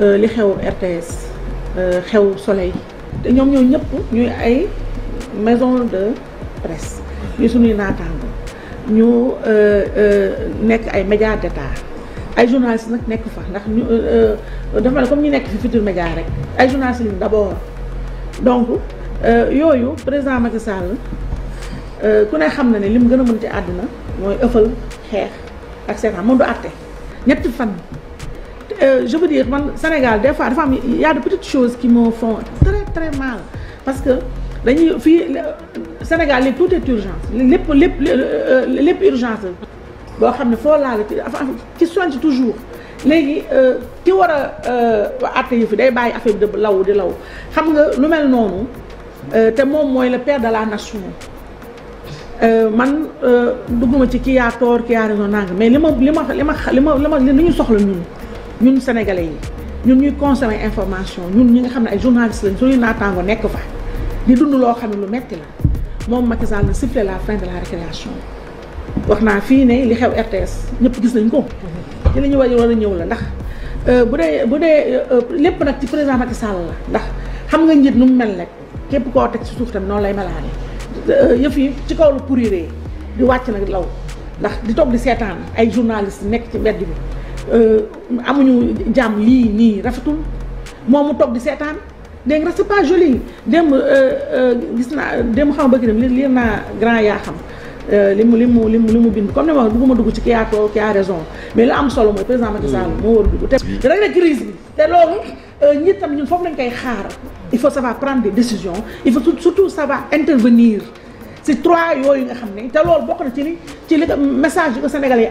Euh, li RTS euh, xew Soleil Nous ñoo une maison de presse ñu ñu euh, nekk ay médias d'état ay journalistes ne nekk fa ndax ñu dafa comme ñu nekk ci Futurs Médias rek ay journalistes d'abord donc yooyu président Macky Sall ku ne xam na ne gën a mën ci mooy ëffal xeex ak seetaan fan euh, je veux dire man Sénégal des fois il y a de petites choses qui me font très très mal parce que les, Sénégal tout est urgence les, les euh, euh, urgence toujours les, a de le père de la nation man tort raison mais les, les, les, les, ñun sénégalais yi ñun ñuy consommer information ñun ñi nga xam ne ay journalistes lañ suñuy naataango nekk fa di dund loo xam ne lu metti la moom Macky Sall na sifflé la fin de la récréation wax naa fii ne li xew RTS ñëpp gis nañ ko ci li ñu war a ñëw la ndax euh, bu dee bu dee euh, lépp nag ci président Macky Sall la ndax xam nga njiit nu mu mel rek képp koo teg ci suuf tam noonu lay melaale euh, yëf yi ci kaw la pourriree di wàcc nag law ndax di toog di seetaan ay journalistes nekk ci mbedd bi Euh, amuñu jàmm li ni rafetul momu tok di setan On pas joli Je euh, euh, gis xam grand xam a ki a raison mais am solo président Macky Sall crise il faut savoir prendre des décisions il faut surtout savoir intervenir c'est trois nga xam bokk na ci ci message que Sénégalais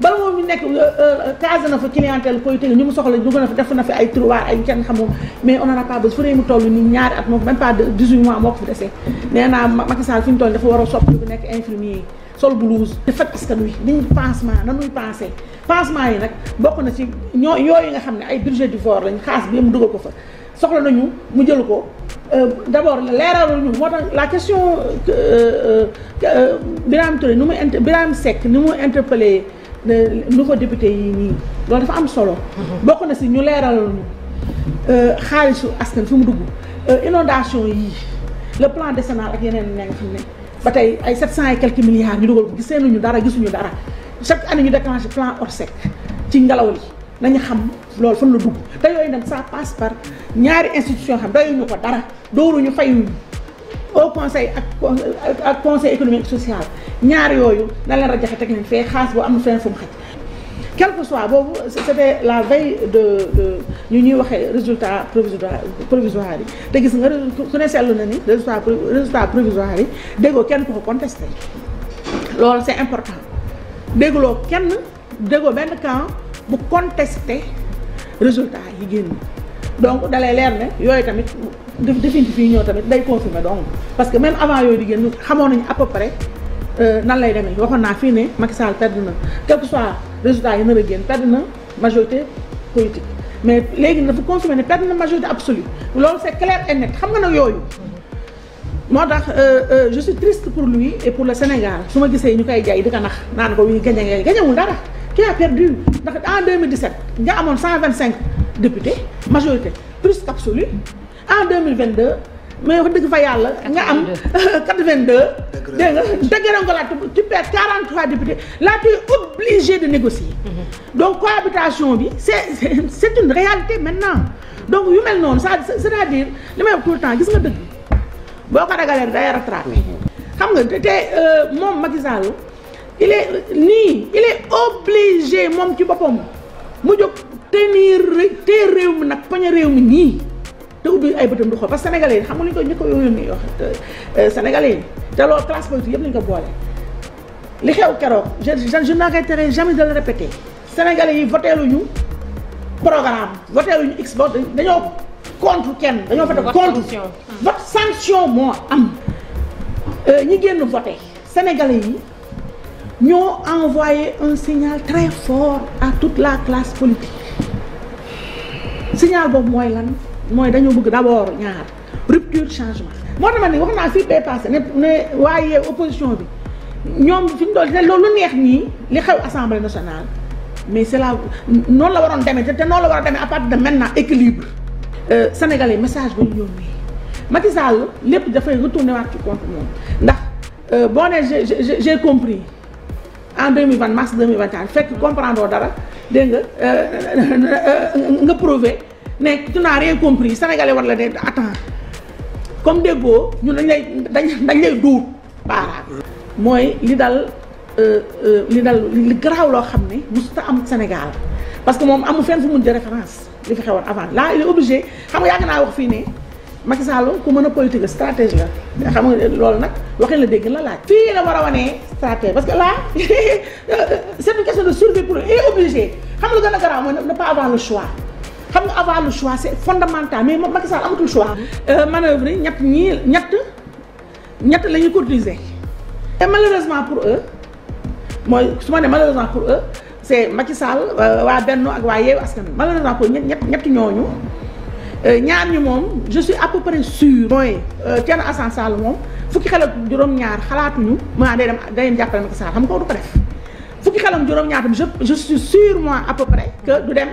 bala moom mi nekk casé na fa clientèle politique ñu mu soxla ñu gën a def na fi ay tiroir ay kenn xamul mais on en a pas besoin fu ne mu toll nii ñaari at moo ko même pas de 18 mois moo ko fi desee nee naa Macky Sall fi ñu toll dafa war a soppi bu nekk infirmier yi sol blouse te faj askan wi niñ pansement nanuy pensé pansement yi nag bokk na ci ñoo yooyu nga xam ne ay budget du fort lañ xaas bi mu dugal ko fa soxla nañu mu jël ko d' abord leeralal ñu moo tax la question Birame Touré ni mu Birame Seck ni mu interpellé nouveau député yi nii loolu dafa am solo. Mhm. bokk na si ñu leeral euh, xaalisu askan fi mu dugg euh, inondation yi le plan décennal ak yeneen ña nga xam ne ba tey ay sept cent et quelques milliards ñu dugal ko gisee nañu dara gisuñu dara chaque année ñu déclenché plan Orsec ci ngelaw li nañu xam loolu fan la dugg te yooyu nag ça par ñaari institution xam doyuñu ko dara dooruñu fayuñu. au conseil ak conseil économique social ñaar yoyu lan la rajaxe tek leen fé xaas bo amul fenn fu mu quel que soit bobu c'était la veille de de ñu ñuy waxé résultat provisoire provisoire yi te gis nga ku ne seetlu na ni résultat résultat provisoire dégo kenn ko contesté lool c'est important dégguloo kenn dégo benn camp bu contesté résultat yi génn donc dalay leer ne yooyu tamit définitif yi ñëw tamit day confirmer donc parce que même avant yoy di génn xamoon nañu à peu près euh, nan lay demee waxon na fi né Macky Sall perdu na quel que soit résultat yi nar a perdu, na majorité politique mais na fa confirmer né perd na majorité absolue loolu c'est clair et net xam nga nag motax euh euh je suis triste pour lui et pour le Sénégal suma ma ñu kay jay di ko nax nan ko wi gagné ngay gañewul dara qui a perdu ndax en 2017 nga amone 125 députés majorité plus qu'absolue en 2022 mais vous dëgg fa yàlla nga am 82 dégg nga tu perds 43 députés là tu es obligé de négocier mm-hmm. donc cohabitation bi c'est c'est une réalité maintenant donc yu mel non, c'est-à-dire li may tout le temps gis nga dëgg boo ko ragalee day rattrapé mm-hmm. xam nga te euh, moom Macky Sall il est ni il est obligé mon petit papa, mu tenir téye réew mi nag sénégalais ko classe politique je n'arrêterai jamais de le répéter sénégalais yi le programme voteeluñu x vote contre euh, voté contre sanction moi, sénégalais yi envoyé un signal très fort à toute la classe politique signal bon moi mooy dañu bëgg d'abord ñaar rupture changement moo tax ma ne wax naa fii passé ne ne waaye opposition bi ñom fiñ ñu doon loolu neex ni li xew assemblée nationale mais c'est la non la waron démé té non la war démé à partir de maintenant équilibre euh sénégalais message bu ñu yónnee Macky Sall lépp dafay retourné waat ci compte moom ndax euh, boo nee j'ai j'ai compris en 2020 mars 2021 fekk comprendre dara dégg nga euh, euh, nga prouver mais tu n'as rien compris sénégalais war la attends comme déggoo ñun dañ lay dañ dañ lay duut baaraam. mooy li dal euh, euh, li dal li garaaw loo xam ne am Sénégal parce que moom amu fenn fu mun di référence li fi avant là il est obligé xam nga yàgg un fini, fii Macky Sall ku mën politique stratège, la xam nga loolu nag waxin la dégg la laaj. fii la war a wanee stratégie parce que là c'est une question de survie pour il est obligé xam nga lu gën a garaaw mooy ne pas avoir le choix xam nga avoir le choix c'est fondamental mais Macky Sall amatul choix. Euh, manœuvre yi ñett ñii ñett ñett la ñuy cotiser. et malheureusement pour eux mooy su ma nee malheureusement pour eux c'est Macky Sall euh, waa Benno ak waa Yewwi Askan malheureusement pour ñett ñett ñett ñooñu euh, ñaar ñi moom je suis à peu près sûr. mooy Thierno Assane Sall moom fukki xel ak juróom-ñaar xalaatuñu maa day dem day dem jàppale Macky Sall xam nga koo du ko def fukki xel ak juróom-ñaar tam je je suis sûr moi à peu près que du dem.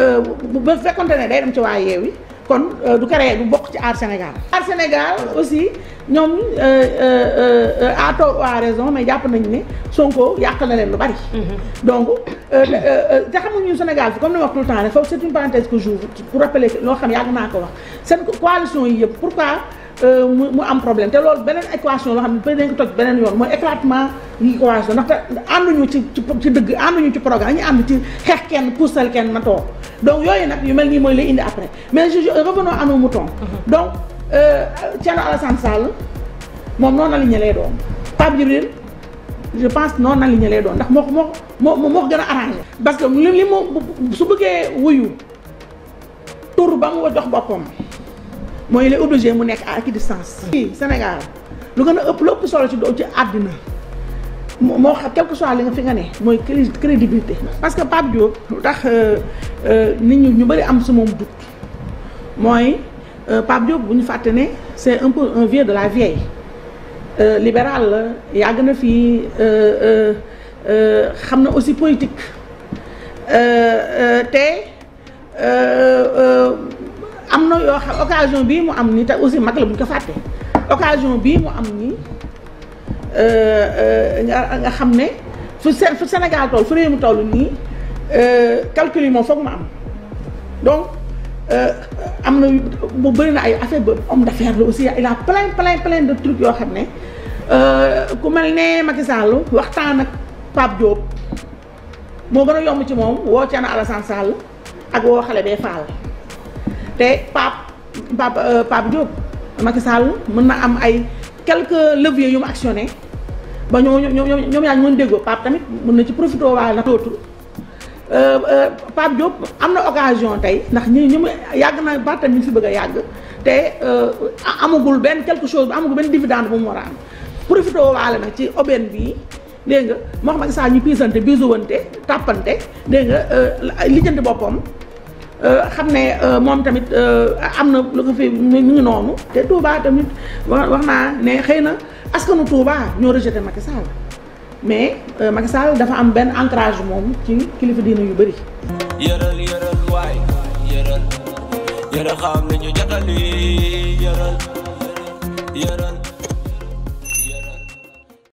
Euh, ba fekkonte ne day dem ci waa yi kon euh, du créé du bokk ci aar Sénégal aar Sénégal aussi ñoom euh, à tort ou à raison mais jàpp nañu ne Sonko yàq na leen lu bari mhm. donc te xam nga ñun Sénégal fi comme ni wax tout temps rek foofu c'est une parenthèse que j'ouvre pour rappeler loo xam yàgg naa ko wax seen coalition yi yëpp pourquoi Euh, mu am problème té lool benen équation lo xamni ne peut être dañ ko toj beneen yoon moy éclatement yi équation ndaxte ànduñu ci ci dëgg ànduñu ci programme ñi ànd ci xex kenn poussel kenn na toog donc yoy nak yu melni moy lay indi après mais je revenons à nos moutons mhm. donc euh, Thierno Alassane Sall mom non la ñëlé doom pap jibril je pense non la ñu lay doon ndax moo ko moo moo ko gën arrangé parce que li li su bëggé wuyu tour ba mu jox bopom mooy il est obligé mu nekk à équidistance. fii Sénégal lu gën a ëpp lépp solo ci doo ci àddina moo xam quel que soit li nga fi nga ne mooy crédibilité. parce que Pape Diop lu tax euh, euh, nit ñu ñu bëri am su moom dugg mooy euh, Pape Diop bu ñu fàtte ne un peu un vieux de la vieille Euh, libéral la yàgg na euh, euh, na aussi politique Euh, euh, am na yoo xam occasion bii mu am nii te aussi mag la mu ñu ko fàtte occasion bii mu am nii euh, euh, nga nga xam ne fu seen fu Sénégal toll fu réew mu toll nii euh, calcul yi moom foog mu am donc am na bu bëri na ay affaire ba homme d'affaires la aussi il a plein plein plein de trucs yoo xam ne ku mel ne Macky Sall waxtaan ak Pape Diop moo gën a yomb ci moom woo Thierno Alassane Sall ak woo xale bee Fall. te Pape Pape euh, Pape Diop Macky Sall mën na am ay quelques leviers yu mu actionné ba ñoo ñoo ñoom yaa ñu mën déggoo Pape tamit mën na ci profité waa la dootul euh, euh, Pape Diop am na occasion tey ndax ñu ñu yàgg na ba tamit fi bëgg a yàgg te amagul benn quelque chose amagul benn dividende bu mu war a am profité waale nag ci aubaine bii dégg nga moo xam ak saa ñu piisante biisuwante tàppante dégg nga lijjanti boppam Euh, xam ne euh, moom tamit euh, am na lu ko fi mu ngi noonu te Touba tamit wax naa ne xëy na askanu Touba ñoo rejeté Macky mais Macky Sall dafa am benn entrage moom ci kilifa diina yu bëri. yëral yëral waay yëral yëral xam nañu jotal yi yëral yëral.